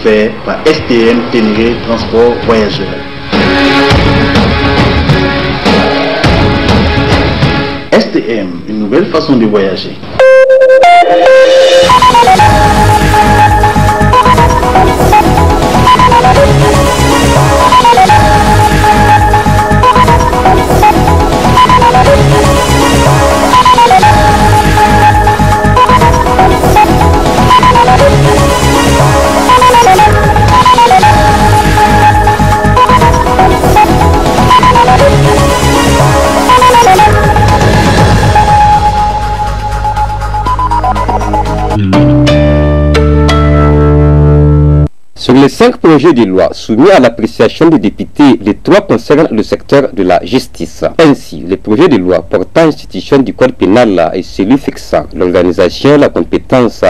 Fait par STM Ténéré Transport Voyageurs. STM, une nouvelle façon de voyager. cinq projets de loi soumis à l'appréciation des députés, les trois concernent le secteur de la justice. Ainsi, les projets de loi portant institution du code pénal et celui fixant l'organisation, et la compétence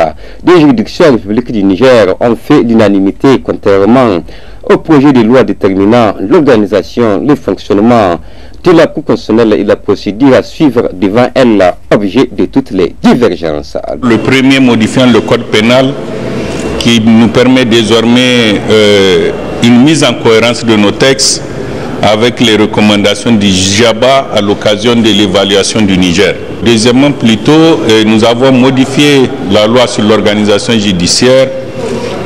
des juridictions de du Niger ont fait l'unanimité contrairement au projet de loi déterminant l'organisation, le fonctionnement de la Cour constitutionnelle et la procédure à suivre devant elle, objet de toutes les divergences. Le premier modifiant le code pénal qui nous permet désormais euh, une mise en cohérence de nos textes avec les recommandations du JABA à l'occasion de l'évaluation du Niger. Deuxièmement, tôt, euh, nous avons modifié la loi sur l'organisation judiciaire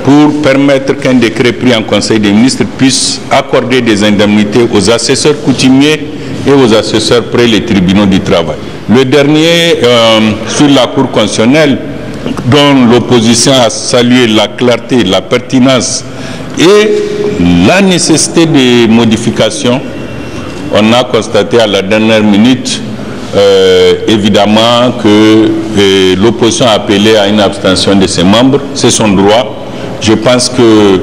pour permettre qu'un décret pris en Conseil des ministres puisse accorder des indemnités aux assesseurs coutumiers et aux assesseurs près les tribunaux du travail. Le dernier, euh, sur la Cour constitutionnelle, dont l'opposition a salué la clarté, la pertinence et la nécessité des modifications, on a constaté à la dernière minute, euh, évidemment, que euh, l'opposition a appelé à une abstention de ses membres. C'est son droit. Je pense que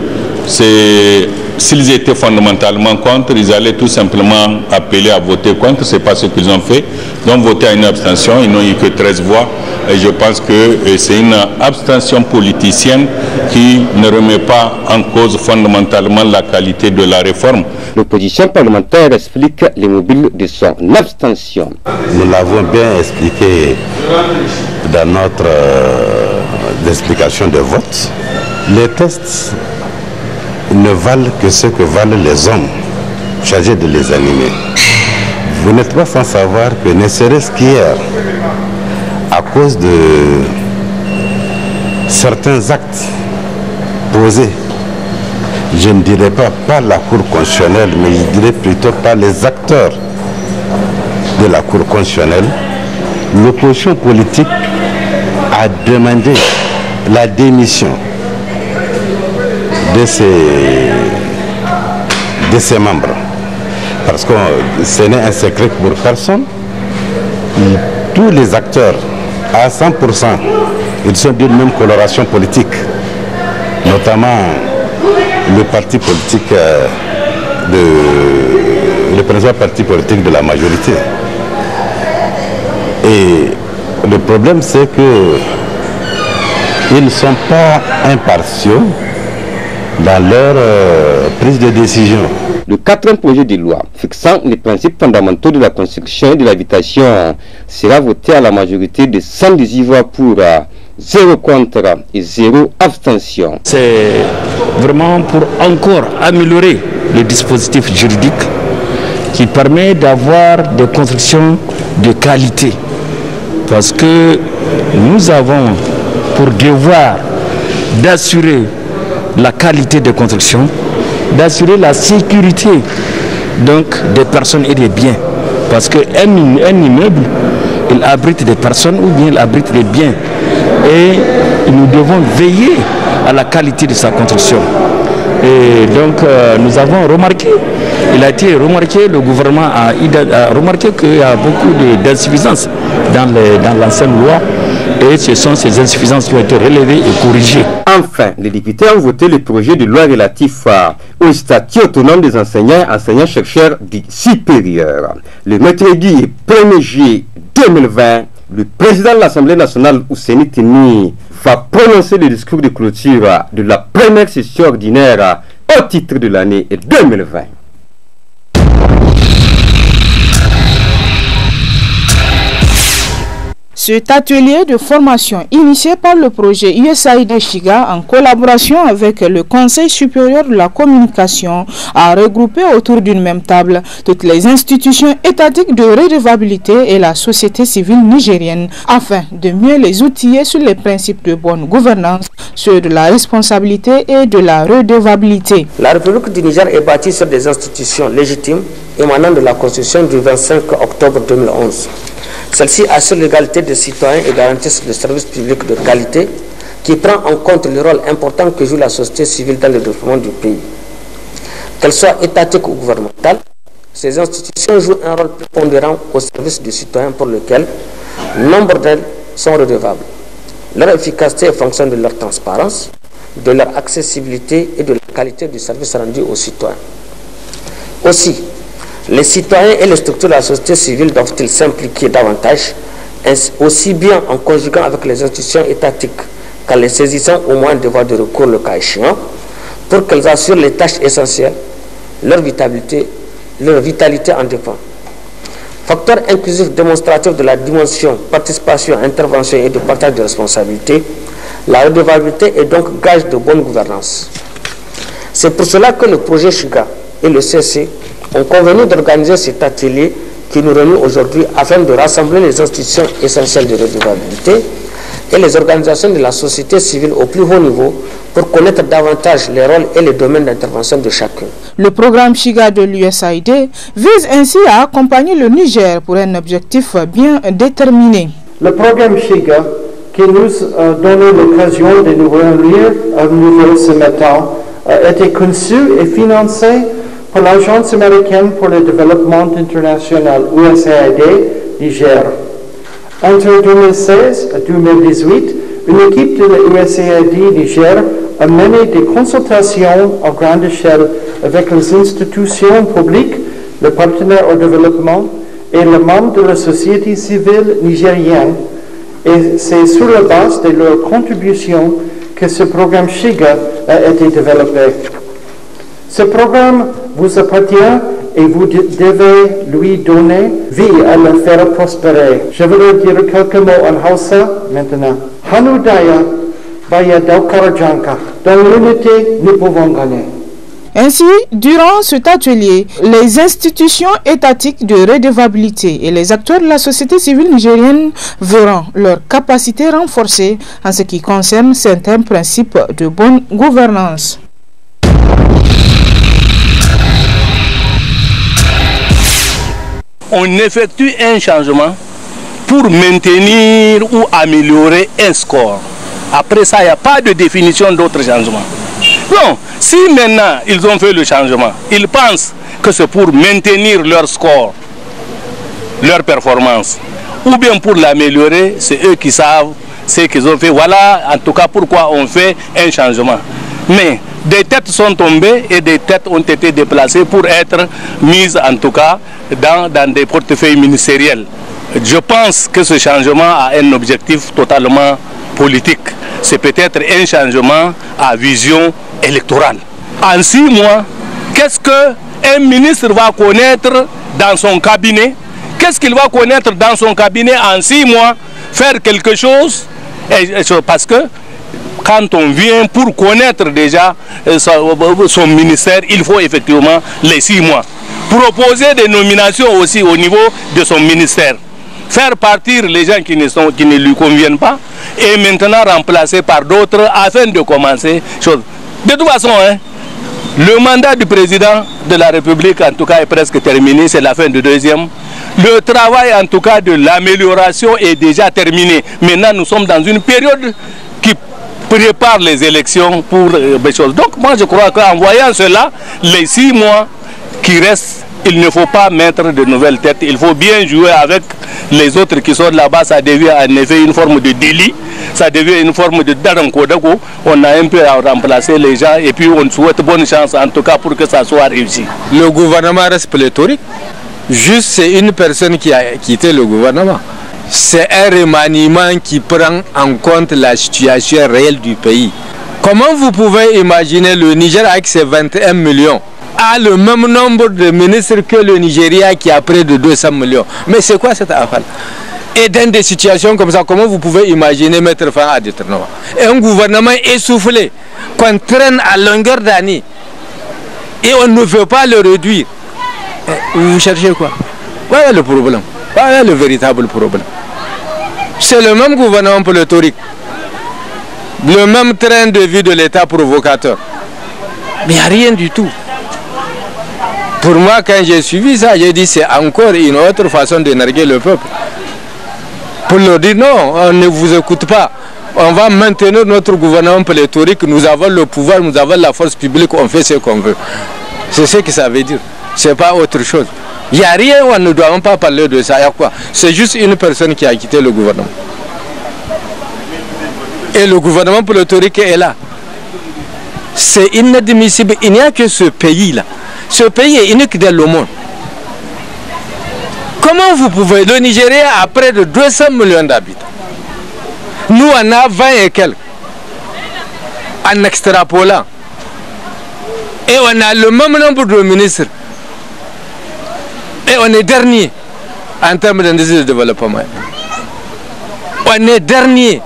c'est s'ils étaient fondamentalement contre, ils allaient tout simplement appeler à voter contre. Ce n'est pas ce qu'ils ont fait. Ils ont voté à une abstention, ils n'ont eu que 13 voix. Et je pense que euh, c'est une abstention politicienne qui ne remet pas en cause fondamentalement la qualité de la réforme. L'opposition parlementaire explique les mobiles de son abstention. Nous l'avons bien expliqué dans notre euh, explication de vote. Les tests ne valent que ce que valent les hommes chargés de les animer. Vous n'êtes pas sans savoir que ne serait-ce qu'hier, à cause de certains actes posés, je ne dirais pas par la Cour constitutionnelle, mais je dirais plutôt par les acteurs de la Cour constitutionnelle, l'opposition politique a demandé la démission de ses, membres. Parce que ce n'est un secret pour personne. tous les acteurs, à 100%, ils sont d'une même coloration politique, notamment le parti politique euh, de le président parti politique de la majorité. Et le problème c'est que ils ne sont pas impartiaux dans leur euh, prise de décision. Le quatrième projet de loi fixant les principes fondamentaux de la construction et de l'habitation sera voté à la majorité de 118 voix pour, 0 euh, contre et 0 abstention. C'est vraiment pour encore améliorer le dispositif juridique qui permet d'avoir des constructions de qualité. Parce que nous avons pour devoir d'assurer la qualité de construction, d'assurer la sécurité donc, des personnes et des biens. Parce qu'un un immeuble, il abrite des personnes ou bien il abrite des biens. Et nous devons veiller à la qualité de sa construction. Et donc, euh, nous avons remarqué, il a été remarqué, le gouvernement a, remarqué qu'il y a beaucoup d'insuffisances dans l'ancienne loi. Et ce sont ces insuffisances qui ont été relevées et corrigées. Enfin, les députés ont voté le projet de loi relatif au statut autonome des enseignants enseignants-chercheurs du supérieur. Le mercredi 1er juillet 2020, le président de l'Assemblée nationale, Ousseini Tini, va prononcer le discours de clôture de la première session ordinaire au titre de l'année 2020. Cet atelier de formation initié par le projet USAID Shiga en collaboration avec le Conseil supérieur de la communication a regroupé autour d'une même table toutes les institutions étatiques de redevabilité et la société civile nigérienne afin de mieux les outiller sur les principes de bonne gouvernance, ceux de la responsabilité et de la redevabilité. La République du Niger est bâtie sur des institutions légitimes émanant de la Constitution du 25 octobre 2011 celle-ci assure l'égalité des citoyens et garantit le service public de qualité qui prend en compte le rôle important que joue la société civile dans le développement du pays. Qu'elles soient étatiques ou gouvernementales, ces institutions jouent un rôle prépondérant au service du citoyen pour lequel nombre d'elles sont redevables. Leur efficacité est fonction de leur transparence, de leur accessibilité et de la qualité du service rendu aux citoyens. Aussi, les citoyens et les structures de la société civile doivent-ils s'impliquer davantage, aussi bien en conjuguant avec les institutions étatiques qu'en les saisissant au moins de voies de recours le cas échéant, pour qu'elles assurent les tâches essentielles, leur vitalité, leur vitalité en dépend. Facteur inclusif démonstratif de la dimension participation, intervention et de partage de responsabilités, la redevabilité est donc gage de bonne gouvernance. C'est pour cela que le projet SUGA et le CC on convenu d'organiser cet atelier qui nous réunit aujourd'hui afin de rassembler les institutions essentielles de redevabilité et les organisations de la société civile au plus haut niveau pour connaître davantage les rôles et les domaines d'intervention de chacun. Le programme Chiga de l'USAID vise ainsi à accompagner le Niger pour un objectif bien déterminé. Le programme Chiga qui nous euh, donne l'occasion de nous réunir à euh, nouveau ce matin a euh, été conçu et financé pour l'Agence américaine pour le développement international USAID Niger, entre 2016 et 2018, une équipe de l'USAID Niger a mené des consultations à grande échelle avec les institutions publiques, les partenaires au développement et les membres de la société civile nigérienne. Et c'est sur la base de leurs contributions que ce programme SHIGA a été développé. Ce programme vous appartient et vous devez lui donner vie à le faire prospérer. Je voudrais dire quelques mots en Hausa maintenant. Hanudaya Baya Daukarajanka. Dans l'unité, nous pouvons gagner. Ainsi, durant cet atelier, les institutions étatiques de redevabilité et les acteurs de la société civile nigérienne verront leur capacité renforcée en ce qui concerne certains principes de bonne gouvernance. on effectue un changement pour maintenir ou améliorer un score. Après ça, il n'y a pas de définition d'autres changements. Non, si maintenant ils ont fait le changement, ils pensent que c'est pour maintenir leur score, leur performance, ou bien pour l'améliorer, c'est eux qui savent ce qu'ils ont fait. Voilà en tout cas pourquoi on fait un changement. Mais des têtes sont tombées et des têtes ont été déplacées pour être mises en tout cas dans, des portefeuilles ministériels. Je pense que ce changement a un objectif totalement politique. C'est peut-être un changement à vision électorale. En six mois, qu'est-ce qu'un ministre va connaître dans son cabinet Qu'est-ce qu'il va connaître dans son cabinet en six mois Faire quelque chose Parce que quand on vient pour connaître déjà euh, euh, euh, son ministère, il faut effectivement les six mois. Proposer des nominations aussi au niveau de son ministère. Faire partir les gens qui ne, sont, qui ne lui conviennent pas et maintenant remplacer par d'autres afin de commencer chose. De toute façon, hein, le mandat du président de la République, en tout cas, est presque terminé. C'est la fin du deuxième. Le travail, en tout cas, de l'amélioration est déjà terminé. Maintenant, nous sommes dans une période prépare les élections pour des euh, choses. Donc moi je crois qu'en voyant cela, les six mois qui restent, il ne faut pas mettre de nouvelles têtes. Il faut bien jouer avec les autres qui sont là-bas. Ça devient en effet une forme de délit, ça devient une forme de darankodako. On a un peu à remplacer les gens et puis on souhaite bonne chance en tout cas pour que ça soit réussi. Le gouvernement reste pléthorique. Juste c'est une personne qui a quitté le gouvernement c'est un remaniement qui prend en compte la situation réelle du pays. Comment vous pouvez imaginer le Niger avec ses 21 millions a le même nombre de ministres que le Nigeria qui a près de 200 millions. Mais c'est quoi cette affaire Et dans des situations comme ça, comment vous pouvez imaginer mettre fin à des tournois un gouvernement essoufflé, qu'on traîne à longueur d'année, et on ne veut pas le réduire. Eh, vous cherchez quoi Voilà le problème. Voilà le véritable problème. C'est le même gouvernement pour le même train de vie de l'État provocateur. Mais il n'y a rien du tout. Pour moi, quand j'ai suivi ça, j'ai dit c'est encore une autre façon d'énerguer le peuple. Pour leur dire non, on ne vous écoute pas. On va maintenir notre gouvernement pléthorique, nous avons le pouvoir, nous avons la force publique, on fait ce qu'on veut. C'est ce que ça veut dire. Ce n'est pas autre chose. Il n'y a rien, nous ne devons pas parler de ça. quoi C'est juste une personne qui a quitté le gouvernement. Et le gouvernement pour l'autorité est là. C'est inadmissible. Il n'y a que ce pays-là. Ce pays est unique dans le monde. Comment vous pouvez Le Nigeria a près de 200 millions d'habitants. Nous, on a 20 et quelques. En extrapolant. Et on a le même nombre de ministres. Et eh, on est dernier en termes d'indice de développement. On est dernier.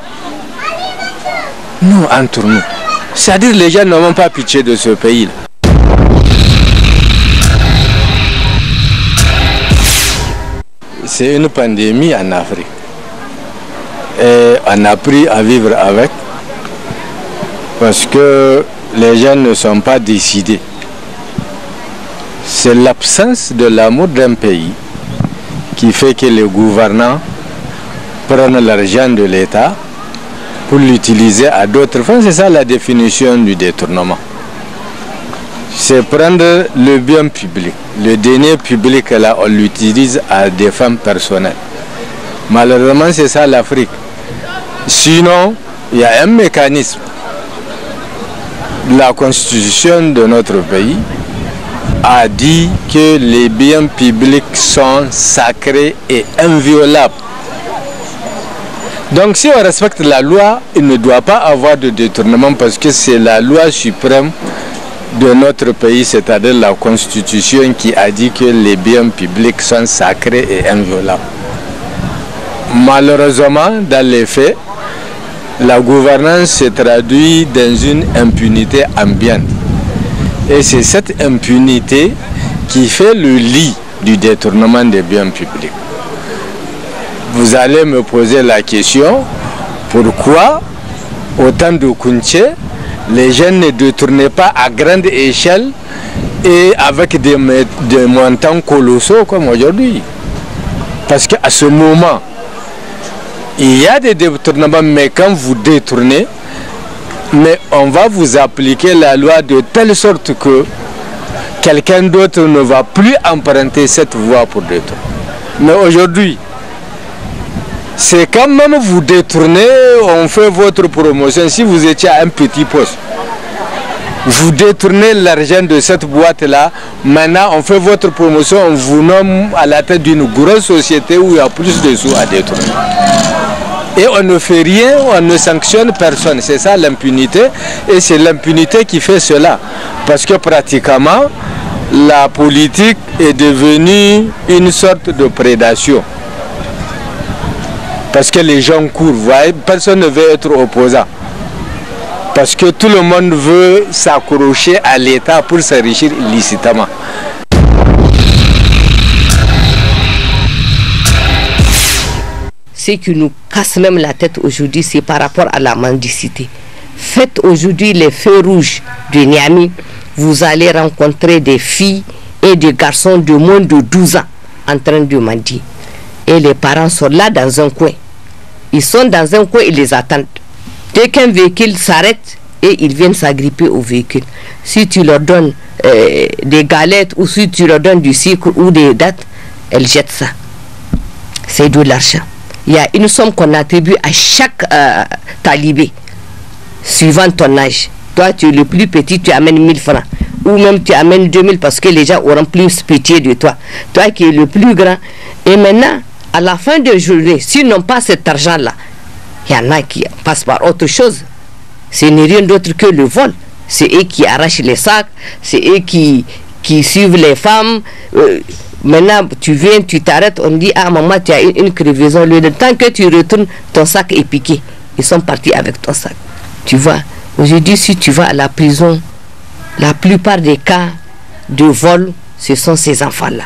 Nous, entre nous. C'est-à-dire les gens n'ont pas pitié de ce pays C'est une pandémie en Afrique. Et on a appris à vivre avec parce que les gens ne sont pas décidés c'est l'absence de l'amour d'un pays qui fait que les gouvernants prennent l'argent de l'État pour l'utiliser à d'autres fins. C'est ça la définition du détournement. C'est prendre le bien public. Le denier public, là, on l'utilise à des fins personnelles. Malheureusement, c'est ça l'Afrique. Sinon, il y a un mécanisme. La constitution de notre pays a dit que les biens publics sont sacrés et inviolables. Donc si on respecte la loi, il ne doit pas avoir de détournement parce que c'est la loi suprême de notre pays, c'est-à-dire la Constitution qui a dit que les biens publics sont sacrés et inviolables. Malheureusement, dans les faits, la gouvernance se traduit dans une impunité ambiante. Et c'est cette impunité qui fait le lit du détournement des biens publics. Vous allez me poser la question, pourquoi au temps de Kunche, les jeunes ne détournaient pas à grande échelle et avec des, des montants colossaux comme aujourd'hui Parce qu'à ce moment, il y a des détournements, mais quand vous détournez, mais on va vous appliquer la loi de telle sorte que quelqu'un d'autre ne va plus emprunter cette voie pour détourner. Mais aujourd'hui, c'est quand même vous détournez, on fait votre promotion. Si vous étiez à un petit poste, vous détournez l'argent de cette boîte-là. Maintenant, on fait votre promotion, on vous nomme à la tête d'une grosse société où il y a plus de sous à détourner et on ne fait rien, on ne sanctionne personne. C'est ça l'impunité et c'est l'impunité qui fait cela. Parce que pratiquement, la politique est devenue une sorte de prédation. Parce que les gens courent, personne ne veut être opposant. Parce que tout le monde veut s'accrocher à l'État pour s'enrichir illicitement. ce qui nous casse même la tête aujourd'hui, c'est par rapport à la mendicité. Faites aujourd'hui les feux rouges de Niamey, vous allez rencontrer des filles et des garçons de moins de 12 ans en train de mendier. Et les parents sont là dans un coin. Ils sont dans un coin, ils les attendent. Dès qu'un véhicule s'arrête, et ils viennent s'agripper au véhicule. Si tu leur donnes euh, des galettes ou si tu leur donnes du sucre ou des dates, elles jettent ça. C'est de l'argent il y a une somme qu'on attribue à chaque euh, talibé, suivant ton âge. Toi, tu es le plus petit, tu amènes 1000 francs. Ou même tu amènes 2000 parce que les gens auront plus pitié de toi. Toi qui es le plus grand. Et maintenant, à la fin de journée, s'ils n'ont pas cet argent-là, il y en a qui passent par autre chose. Ce n'est rien d'autre que le vol. C'est eux qui arrachent les sacs, c'est eux qui, qui suivent les femmes. Euh, Maintenant, tu viens, tu t'arrêtes, on dit Ah, maman, tu as une, une crevaison. Le temps que tu retournes, ton sac est piqué. Ils sont partis avec ton sac. Tu vois, aujourd'hui, si tu vas à la prison, la plupart des cas de vol, ce sont ces enfants-là.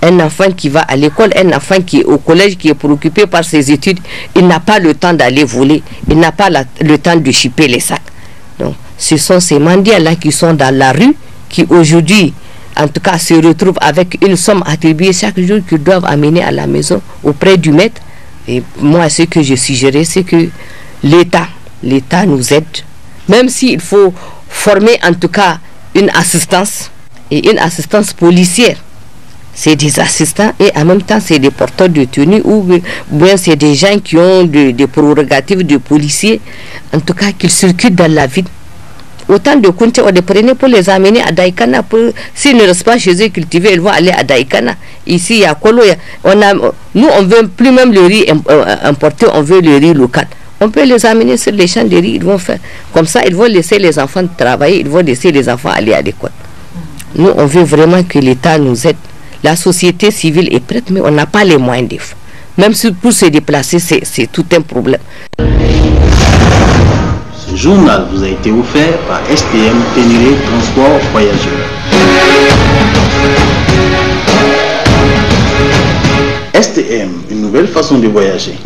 Un enfant qui va à l'école, un enfant qui est au collège, qui est préoccupé par ses études, il n'a pas le temps d'aller voler, il n'a pas le temps de chipper les sacs. Donc, ce sont ces mendiants-là qui sont dans la rue, qui aujourd'hui en tout cas, se retrouvent avec une somme attribuée chaque jour qu'ils doivent amener à la maison auprès du maître. Et moi, ce que je suggérais, c'est que l'État, l'État nous aide, même s'il faut former en tout cas une assistance et une assistance policière. C'est des assistants et en même temps c'est des porteurs de tenue ou bien c'est des gens qui ont des, prorogatives de policiers, en tout cas qu'ils circulent dans la ville Autant de comptes on les prenait pour les amener à Daikana. S'ils ne restent pas chez eux cultivés, ils vont aller à Daikana. Ici, à y nous, on ne veut plus même le riz euh, euh, importé, on veut le riz local. On peut les amener sur les champs de riz, ils vont faire. Comme ça, ils vont laisser les enfants travailler, ils vont laisser les enfants aller à l'école. Nous, on veut vraiment que l'État nous aide. La société civile est prête, mais on n'a pas les moyens des fois. Même si pour se déplacer, c'est tout un problème journal vous a été offert par STM Ténéré Transport Voyageurs. STM, une nouvelle façon de voyager.